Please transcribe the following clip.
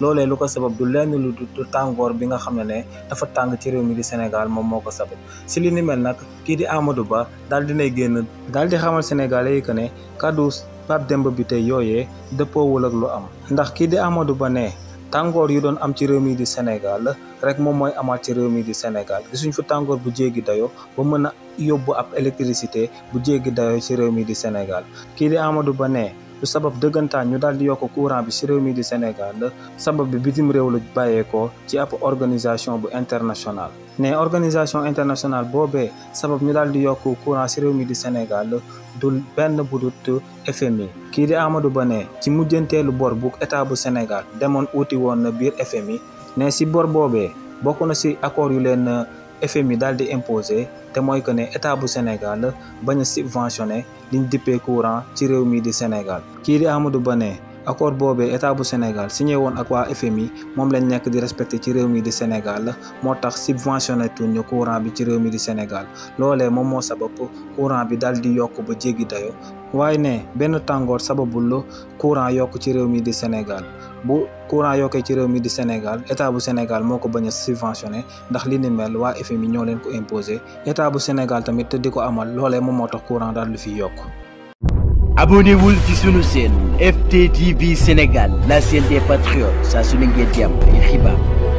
loolee lu ko sabab du lenn lu du tàngoor bi nga xam ne ne dafa tàng ci réew mi di Sénégal moom moo ko sabab si li ni mel nag kii di Amadou Ba daal génn daal di xamal Sénégalais yi que ne kàddu Pape Demba bi tey yooyee dëppoowul ak lu am ndax kii di Amadou Ba ne tàngoor yu doon am ci réew mii di Sénégal rek moom mooy amaat ci réew mii di Sénégal gisuñ fa tàngoor bu jéggi dayoo ba mën a yóbbu ab électricité bu jéggi dayoo ci réew mii di Sénégal kii di Amadou Ba ne lu sabab dëggantaan ñu daal di yokk courant bi ci réew mi di Sénégal sabab bi bitim réew la bàyyeekoo ci ab organisation bu international ne organisation internationale boobee sabab ñu daal di yokk courant ci réew mi di Sénégal du benn budut FMI kii di Amadou Ba ne ci mujjanteelu bor bu état bu Sénégal demoon uuti woon na biir FMI ne ci bor boobee bokk na ci accord FMI daal di imposer te mooy que ne état bu Sénégal bañ a subventionné liñ dippee courant ci réew mi di Sénégal kii di Amadou Ba ne accord boobee état bu Sénégal signé woon ak waa FMI moom lañ nekk di respecté ci réew mi di Sénégal moo tax subventionné tuñu courant bi ci réew mi di Sénégal loolee moom moo sabab courant bi daal di yokk ba jéggi dayo waaye ne benn tàngoor sababul la courant yokk ci réew mi di Sénégal bu courant yokkee ci réew mi di Sénégal état bu Sénégal moo ko bañ a subventionné ndax li ni mel waa FMI ñoo leen ko imposé état bu Sénégal tamit di ko amal loolee moom moo tax courant daal lu fi yokk Abonnez-vous vous sunu chaîne FTTV Sénégal la chaîne des patriotes Ça se et et